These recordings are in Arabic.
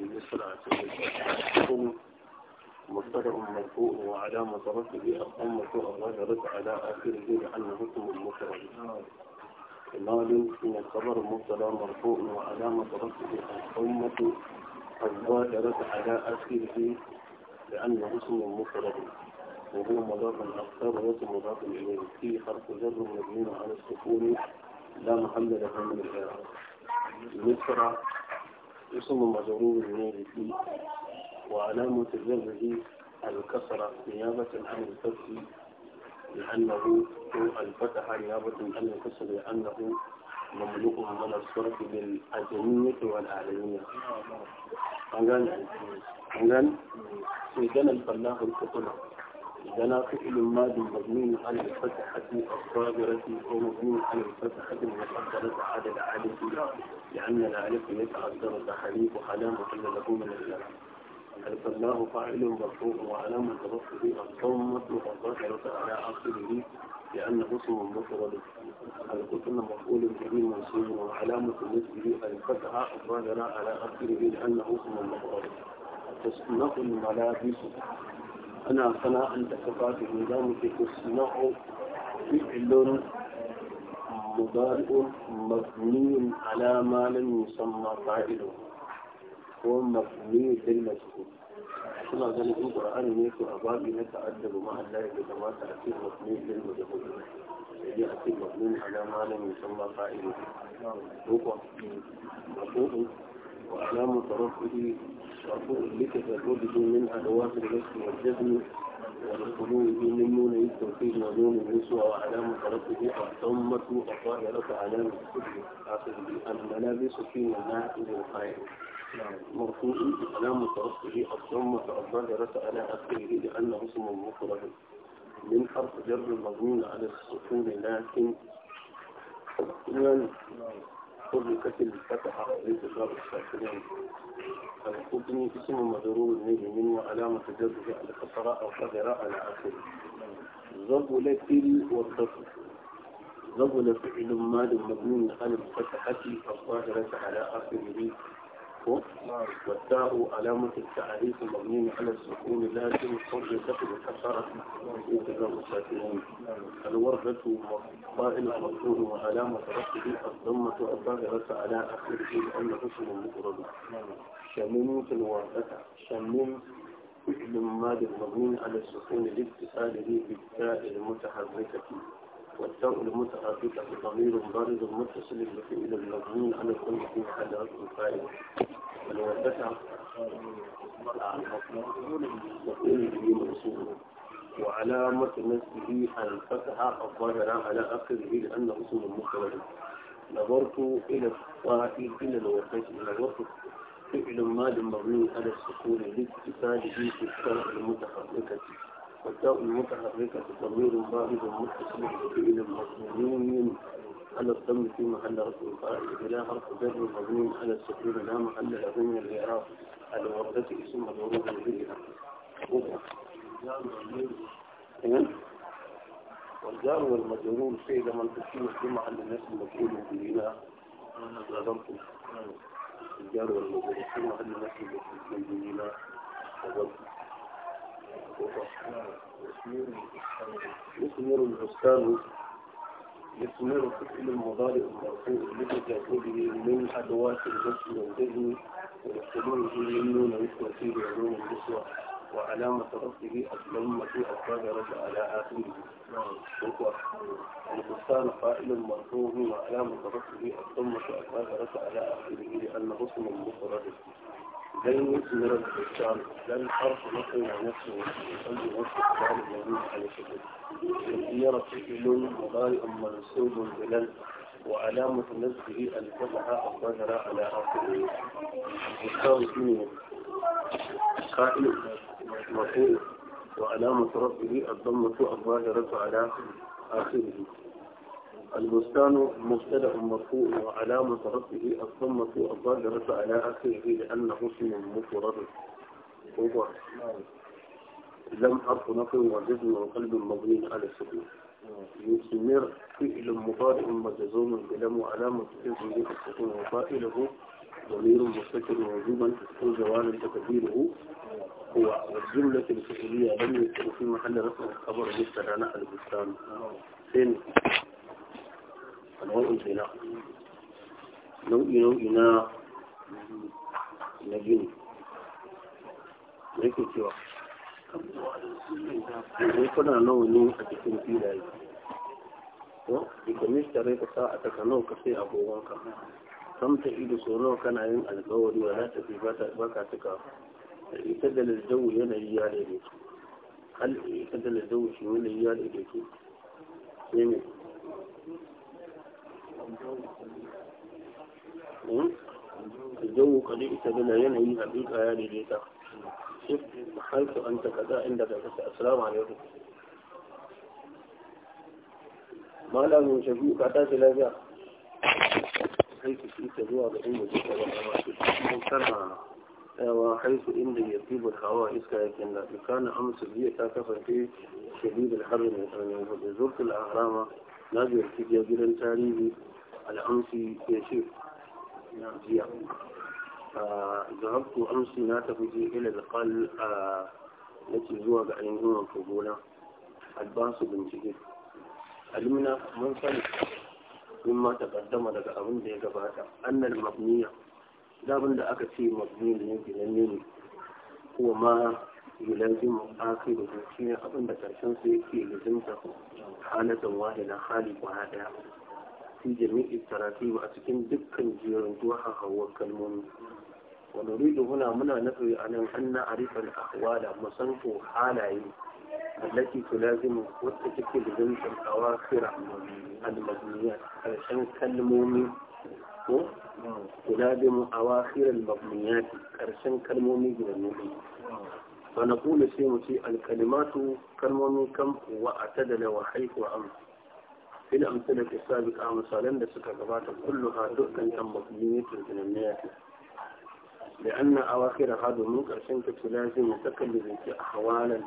الاسم مصدر مرفوع وعلامة رفعه الضمة الظاهرة على آخره لأنه اسم مفرد مال من الخبر مبتدا مرفوع وعلامة رفعه الضمة الظاهرة على آخره لأنه اسم مفرد وهو مضاف أكثر واسم مضاف إليه فيه حرف جر مبني على السكون لا محل لها من الإعراب مصر يسمى مجرور فيه وعلامة جره الكسرة نيابة عن الفتح لأنه الفتح نيابة عن الكسر لأنه مملوك من الصرف بالأجنية والأعلمية أنجان أنجان سيدنا الفلاح القطنة دنا فعل ماض مبني على الفتحة الصابرة مضمون على الفتحة المقدرة على العالم لأن العالم يتعذر تحريفها لا محل له من الله ألف الله فاعل مرفوع وعلامة رفعه الضمة الظاهرة على آخره لأنه اسم مفرد القسم مفعول به منصوب وعلامة نسبه الفتحة الظاهرة على آخره لأنه اسم مفرد تصنف الملابس ana sana'anta kafa da yin za mu fito su na'o fi ilon mubari'un mafiniyin alama na musamman fa'ilo ko mafiniyin dillas suna ganin in ƙura'an ne ko a babi na ta'addabu ma'alla ya ga kamata a cikin mafiniyin dillas ko sai a cikin mafiniyin alama na musamman fa'ilo وعلامة وأقول لك لتفرده من أدوات الرزق والجزم ولخلوه من نون التوحيد ونون النسوة وأعلام رفعه الضمة الطاهرة علامة السجن الملابس في مناعته الخير مرفوع أعلام رفعه الضمة الظاهرة على آخره لأنه اسم مفرد من حرف جر المضمون على السكون لكن كل كسل فتح ليس باب الشاكرين القدني اسم مجرور به منه علامة جره على كسرى أو كسرى على آخره زبولة والكسر زبولة فعل مال مبني على الفتحة الظاهرة على آخره والتاء علامة التعريف المبني على السكون لازم قبل كتب الحشرة انتظام الساكنين الوردة فاعل مفعول وعلامة رفعه الضمة الظاهرة على آخره لأنه اسم مفرد شممت الوردة شمم فعل ماضي مبني على السكون لاتصاله بالتاء المتحركة والتوء متعاطفة ضمير بارز متصل بفعل المضمون على الكل في محل رفع فاعل ولو ارتفع مفعول به منصوب وعلامة نسبه الفتحة الظاهرة على آخره لأنه اسم مخرج. نظرت إلى الطائر إلى إلى نظرت فعل مال مبني على السكون لاتصاله بالتاء المتحركة والتاء المتحركة تضمير بارد متصل إلى المضمون على الضم في محل رفع فاعل إلى حرف جر مضمون على السكون لا محل له من الإعراب على وردته ثم الورود الجزئية والجار والمجرور فعل منطقي في محل النسب مفعول به إلى ظلمتم الجار والمجرور في محل النسب مفعول به إلى ظلمتم يثمر البستان يثمر فعل المضارع المرفوع الذي من أدوات الجسم والذهن ويحتلونه يمنون مثل في علوم النسوة وعلامة رفضه الضمة رجع على آخره شكوى البستان قائل مرفوع وعلامة رفضه الضمة رجع على آخره لأنه اسم مفرد زي اسم رب الشعر ده الحرف مثلا نفسه يصلي وسط الشعر الموجود على شكله يرى فعل مضارع منسوب بلل وعلامة نسبه الفتحة الظاهرة على آخره يساوي جنيه قائل مفعول وعلامة ربه الضمة الظاهرة على آخره البستان مبتدا مرفوع وعلامة رفعه الضمة الظاهرة على آخره لأنه اسم مفرد هو لم حرف نقل وجزم وقلب مبني على السكون يثمر فعل مضارع مجزوم بلم وعلامة اسمه السكون وفائله ضمير مستتر وجوبا وجوالا تقديره هو والجملة الفعلية لم يكن في محل رفع الخبر مستدعنا البستان فين nau'in kenan nau'i nau'i na na gini yake cewa sai kuna nawa ne a cikin filaye to ikomis tare ka sa a taka nawa ka sai agogonka samta ido so nawa kana yin alkawari wa za ta fi ba ka cika ita da lalzau yanayi ya daidaito hal ita da lalzau shi yanayi ya daidaito sai mai الجو قليل ائت بنا ينهي أبيك يا ليتا شف حيث أنت كذا عندك السلام عليكم ما لا من شفيك أتاك لا جاء حيث فيك جوا بإن وحيث إن يطيب الهواء إسكا يكن كان أمس بي تاكفا في شديد الحر من زرت الأهرام نادي ارتدي جيران تاريخي al'amsi ya ce jiya zahabtu amsi na tafi je ila alƙal na ce zuwa ga ainihin gona albasu bincike alimina mun sani mata kaddama daga abin da ya gabata annal mabniya dabin da aka ce mabniya ne ginanne ne kuma ma yulazim da shine abin da karshen su yake da halatan wahina hali kwana daya في جميع التراتيب أتكن دكا جيران دوحا هو كالمون ونريد هنا منا نفي عن أن نعرف الأحوال مصنف حالي التي تلازم وتتكي لذنب الأواخر المبنيات علشان كالمومي تلازم أواخر المبنيات علشان كالمومي جرنوبي فنقول سيمتي الكلمات كالمومي كم وأعتدل وحيث وأمر في الأمثلة السابقة آه، مثلا لسكة قبات كلها دؤتا كم مبنية الجنمية لأن أواخر هذا المنكر سنك لازم تكلم في أحوالا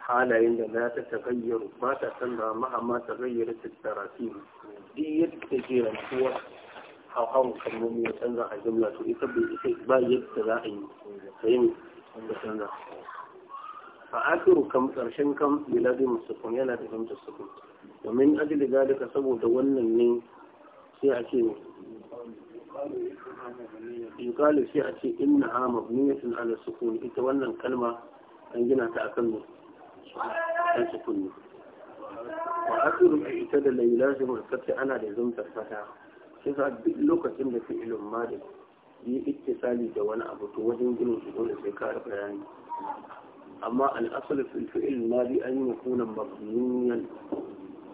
حالا عند لا تتغير ما تسمى مع ما تغيرت التراتيب دي كثيرا هو أو أو كمومي تنرى الجملة يتبي با يتراعي فهم تنرى فآخر كم ترشن كم بلازم السكون يلا تهم السكون wa min ajli dalika saboda wannan ne sai a ce yuqalu sai a ce innaha mabniyatun ala sukun ita wannan kalma an gina ta akan mu kan sukun wa akhiru ita da lailazimu kace ana da zumtar fata sai sa duk lokacin da fi'ilun madi yi ittisali da wani abu to wajen ginin shi dole sai ka bayani amma al'asul fil fi'il madi an yakuna mabniyan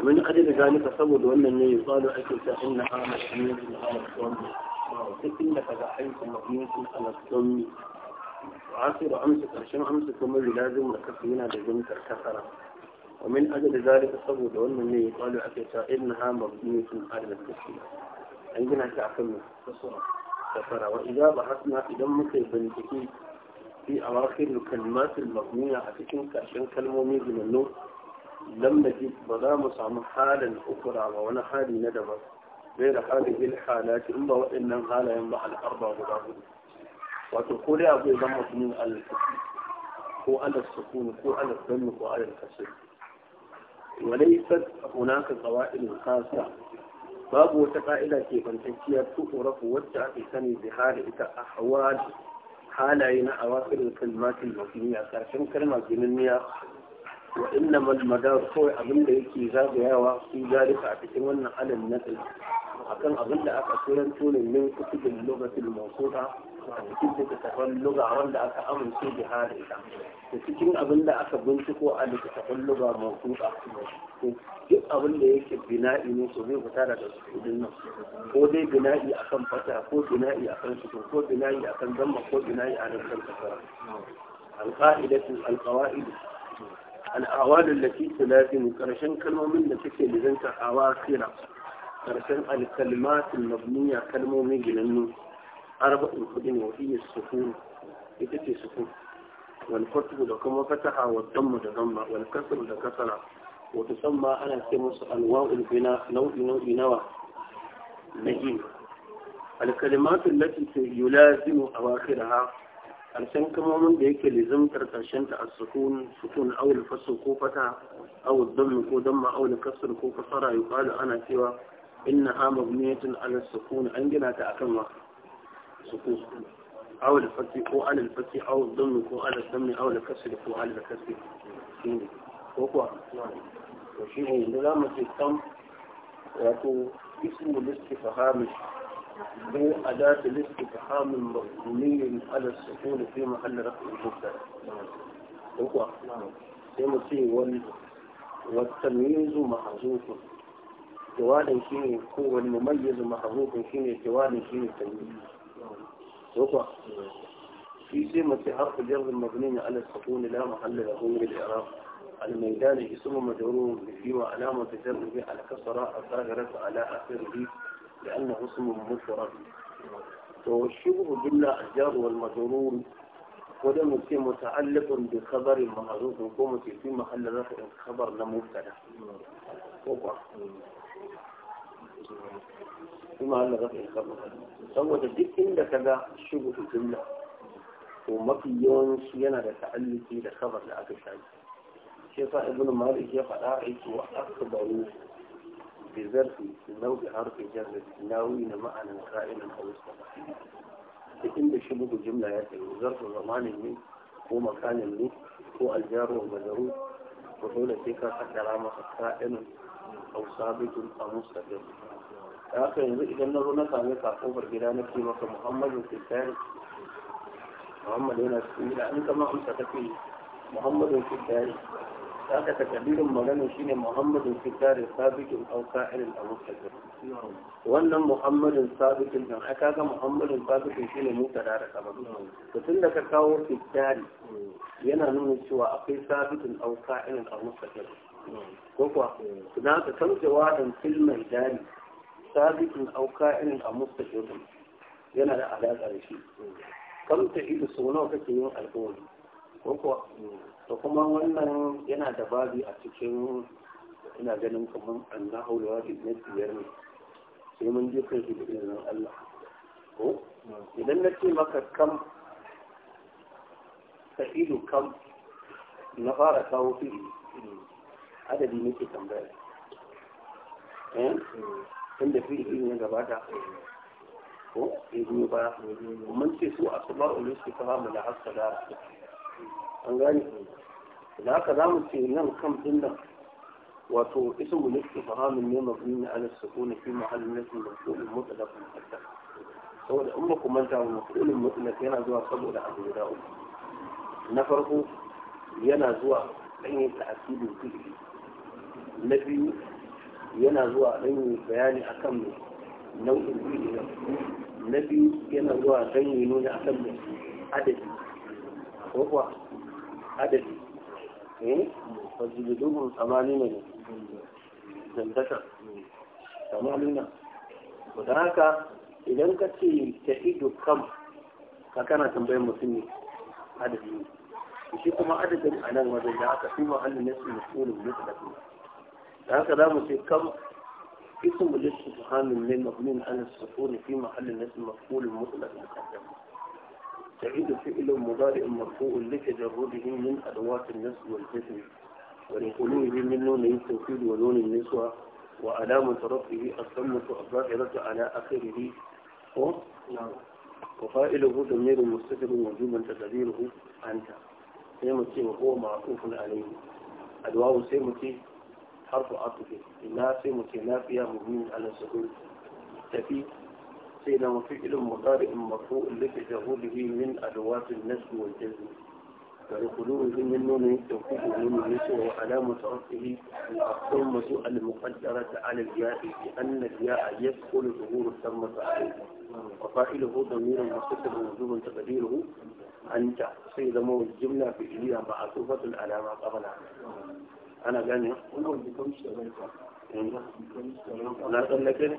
ومن أجل ذلك صود وأن النبي يقال أكلت إنها مشمول على الصم إنك ضحيت مبنية على الصم وعصر أمسك عشان أمسك ومن لازم لكفينا لزمة الكفرة ومن أجل ذلك صود وأن النبي قال أكلت إنها مبنية على الكفرة عندنا تعقل كفرة وإذا بحثنا في دمك بنتكي في أواخر الكلمات المبنية على كثير كلمة من النور لم نجد مدام سام حالا أخرى وأنا حالي ندما غير هذه الحالات إما وإن حالا ينبع الأربع مدام وتقول أبو ضمة من الفتح هو على السكون هو على الذم هو على الكسر وليست هناك قوائل خاصة باب وتقائل كيف تنتهي تعرف وتع في سني بحال أحوال حالين أواخر الكلمات المبنية كلمة جنونية wa inna mal madar kawai abin da yake zagayawa su zalika a cikin wannan na nasl akan abin da aka turanto ne min kutubin lugatul mawsuta a cikin littattafan luga wanda aka amince da hada ita da cikin abin da aka binciko a littattafan luga mawsuta duk abin da yake bina'i ne ko zai fita daga sukudin nan ko dai bina'i akan fata ko bina'i akan sukun ko bina'i akan zamba ko bina'i akan kasara القاعدة القواعد الأعوال التي تلازم كرشن كلمة من نتكي لذنك أواخرة كرشن الكلمات المبنية كلمة من جنن أربع الخدين وهي السكون إتكي سكون والفتح لكم فتح والضم لضم والكسر لكسر وتسمى أنا سمس أنواع البناء نوع نوع نوع نجيم الكلمات التي يلازم أواخرها ƙarshen kalmomin da yake lizimtar ƙarshen ta a sukun sukun aw al ko fata aw ad-damm ko damma aw al-kasr ko kasara yuqalu ana cewa inna ha mabniyatun ala sukun an gina ta akan wa sukun aw al-fathi ko ala al-fathi aw ad ko ala ad-damm aw al ko ala al-kasr shine ko kuwa to shi ne za mu ce kam wato ismu listifhamish هو أداة الاستفهام مبني على السكون في محل رفع المبتدا هو كما في وال والتمييز محذوف جوال شيء هو المميز محذوف شيء جوال شيء تمييز هو في سمة حرف جر مبني على السكون لا محل له من الإعراب الميدان اسم مجرور به وعلامة جره على كسرة الظاهرة على آخره لأنه اسمه مفرد وشبه بلا أجار والمجرور ولم يكن متعلق بخبر معروف الحكومة في محل رفع الخبر لمبتدا في محل رفع الخبر فهو تجد عند كذا شبه جملة وما في يوم شينا لتعلق بخبر لأكل شيء شيخ ابن مالك يقرأ عيسو أكبر بظرف لو بحرف جر ناوين معنا قائما او استقبالا لكن بشبه الجملة يا سيدي ظرف زمان من هو مكان من هو الجار والمجرور وحول تلك حكرامة قائم أو ثابت أو مستقر آخر إذا نظر نسعى لك أوفر جلانك في محمد في الثالث محمد هنا سبيل أنت ما أمسكت محمد في الثالث haka takadirin magana shine muhammadin fitari sabikin auka irin a mutane wannan muhammadin sabikin don aka ga muhammadin sabikin shine muka da da kama to tun da ka kawo fitari yana nuna cewa akwai sabikin auka irin a mutane ko kuwa na ka kamcewa don filmai dari sabikin auka irin a mutane yana da alaƙa da shi kamta ido sau nawa kake yin alƙawari To kuma wannan yana da babi a cikin ina ganin kamar Allah haulawa da na biyar ne sai mun je kai da irin Allah ko idan na ce maka kam ka ido kam na fara kawo fi adadi nake tambaya eh inda ido ne gabata ko ya ba mun ce su asba'ul istiqama la su. an gane da haka za mu ce nan kan ɗin nan wato mu nufi fahamin ne mabni na ala na fi mahallin nufin mafulin mutlaqin hatta saboda in ba ku manta wa mafulin mutlaq yana zuwa saboda abu guda uku na farko yana zuwa ɗanyen asibin fi'ili na biyu yana zuwa ɗanyen bayani akan mai nau'in fi'ili na biyu yana zuwa ɗanyen nuna akan mai adadi ko kuwa عدد إيه؟ فجلدوهم ثمانين زندكة ثمانين وذلك إذا كنت تحيد كم فكان تنبين مسلمين عدد يشيكوا ما عدد أنا وذلك في محل الناس المسؤول مثل كم ذلك لا مسلم كم اسم الله سبحانه من المبنين على السفور في محل الناس المفعول المطلق المقدم تعيد فعل مضارع مرفوع لتجرده من أدوات النسب والكسر ولخلوه من نون التوكيد ونون النسوة وألام رفعه الصمة الظاهرة على آخره نعم. وفائله ضمير مستتر وجوبا تقديره أنت سيمتي وهو معطوف عليه الواو سيمتي حرف عطف لا سيمتي نافية مبين على سهول تفي سينا وفعل مضارع مرفوع لتجاهله من أدوات النسب والجزم ولخلوه من نون التوكيد من النسب وعلامة رفعه الثمة المقدرة على الياء لأن الياء يدخل ظهور الثمة عليه وفاعله ضمير مستتر وجوب تقديره أن سيد مو الجملة في فعلية معطوفة العلامة قبلها أنا جاني أنا قال لك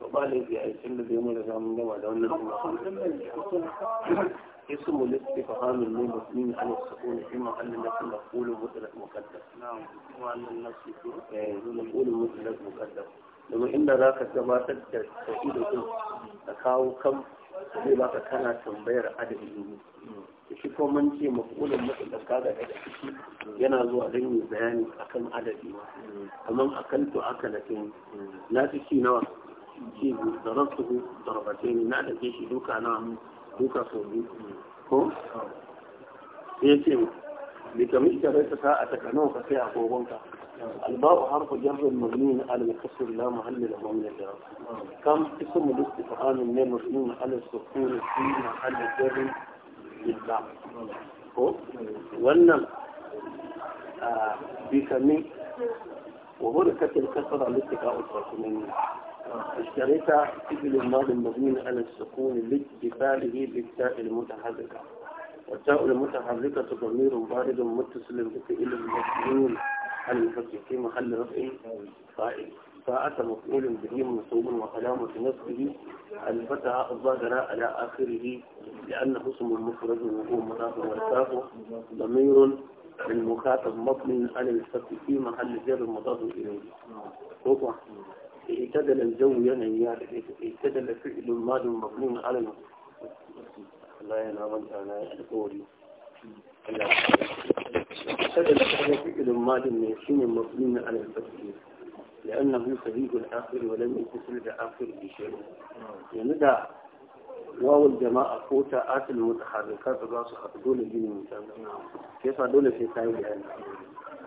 to ba laifi a da zai mada zamun gama da wannan kuma اسم الاستفهام للمسلمين على السكون في محل نفس مفعول مطلق مقدم نعم وعن النفس مفعول مطلق مقدم لما ان ذاك gabatar da sa'idatu ka kawo kam sai baka kana tambayar adadin ne shi ko mun ce mafulin mutlaq kaga daga shi yana zuwa don yi bayani akan adadi amma akan to aka lakin na ci nawa ce zarafta zarafta ne na da ke shi duka na duka sau biyu ko? ya ce bai kamar ita rai ta a ka sai a gobonka alba'u harfa jarrin mazmi na alin kasar na mahalli da mamlin da kam isa mu duk ifa'anin ne mazmi na alin sukuri su yi mahalli jarrin jirga ko? wannan ah, bai kamar wabar kasar kasar alistika a utsakunan ne اشتريت إجل الماضي المبين على السكون لاتفاله بالتاء المتحركة والتاء المتحركة ضمير بارد متصل بفعل المسجون المفكر في محل رفع فاعل فأتى مفعول به منصوب في نفسه الفتى الظاهر على آخره لأنه اسم مفرد وهو مضاف والكاف ضمير المخاطب مبني على الفتح في محل جر مضاف إليه. اعتدل الجو ينهي اعتدل فعل ماض مبني على لا ينام أنا قولي اعتدل فعل ماض ميسين مبني على الفتح لأنه خليج الآخر ولم يتصل اخر بشيء يعني ده واو الجماعة فوتا آت المتحركات الراس دول الجن كيف دول في سايد يعني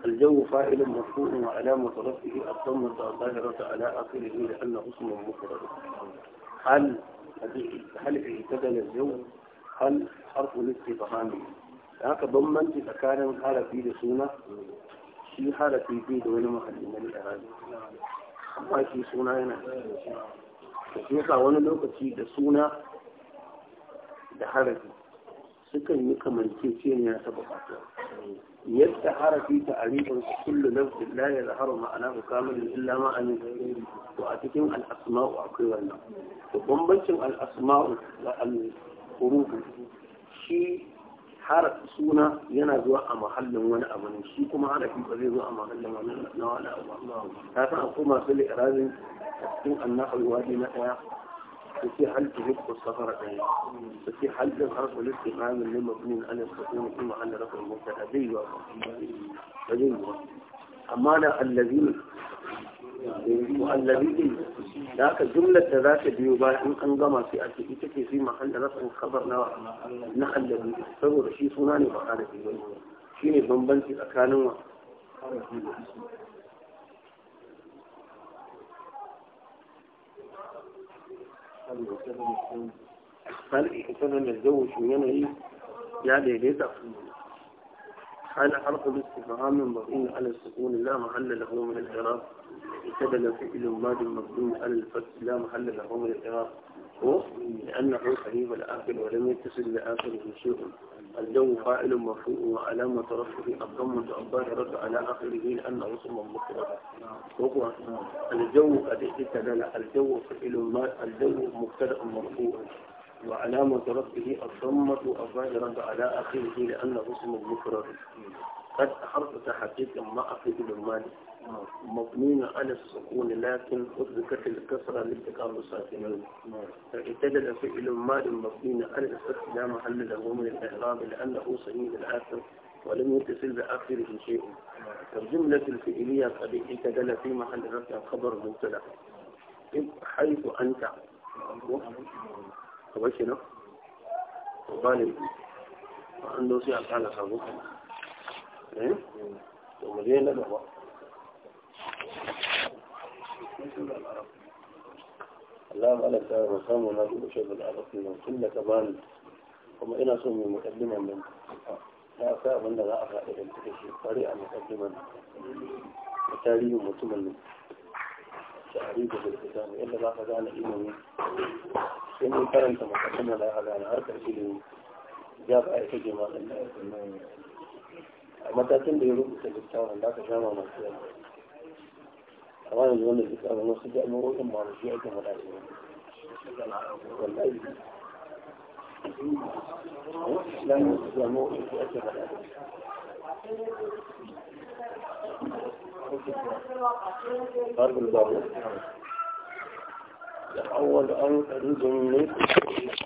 الجو فاعل مرفوع وعلامة رفعه الضمة الظاهرة على آخره لأنه اسم مفرد هل هل اعتدل الجو هل حرف الاستفهام هناك إذا تتكارن حالة في لسونة في حالة في في دولة ما خلينا amma ما في سونة هنا في حالة wani لو da suna da harafi sukan yi kamar kamanceceniya ta bukatu yadda harafi ta arifin kullu nafsin la ya zaharu ma'ana ku kamar illa ma'anin to a cikin al'asma'u akwai wannan to bambancin al'asma'u da al'urufu shi har suna yana zuwa a mahallin wani abu ne shi kuma harafi ba zai zuwa a mahallin wani na wani abu ta san akwai masu li'irabin a cikin annahawi wadi na ɗaya في حالة يدخل سفر دائما في حالة الحرف والاستفهام اللي مبنين على السكون في محل رفع المبتدا ايوه ايوه أما أنا الذين الذين ذاك جملة ذاك بيوبا إن أنظم في أسئلتك في محل رفع الخبر نوع نحل الذي تصور شيء صناني بحالة في شيء بمبنتي أكانوا هل إنسان أن يتزوج ويانا يعني ليه تأخذ حال حرف الاستفهام مبين على السكون لا محل له من الإعراب سبب فعل ماد مبني على الفتح لا محل له من الإعراب هو لأنه قريب الآخر ولم يتصل لآخره شيء الجو فاعل مرفوع وعلامة رفعه الضمة الظاهرة على آخره لأنه اسم مفرد الجو الذي دل الجو ما الجو مبتدأ مرفوع وعلامة رفعه الضمة الظاهرة على آخره لأنه اسم مفرد قد حرف تحقيق ما أفيد المال مبنين على السكون لكن أثبتت الكسرة لابتكار الساكنين فابتدل فعل المال مبنين على السكون لا محل له من الإعراب لأنه سيد الآخر ولم يتصل بآخره شيء الجملة الفعلية قد اعتدل في محل رفع خبر مبتدأ حيث أنت وشنو ظالم وعنده سيعة على خبر ايه ومجينا لبقى Allah ba Allah ta samu na duk shi da alaƙi ne tun da ka bani kuma ina so mai muƙaddiman nan na sa abin da za a faɗi da take shi fare a muƙaddiman da tarihin mutumin nan sha'ari da zai ne yadda ba ka gane ilimi sai mun karanta muƙaddiman da aka gane harkar ilimi ya ba a yi ta a matakin da ya rubuta littafin da aka sha mamaki وانا اللي قلنا الاسلام انا صدق اما رجعتهم والاجر والاجر الاسلام الأول أن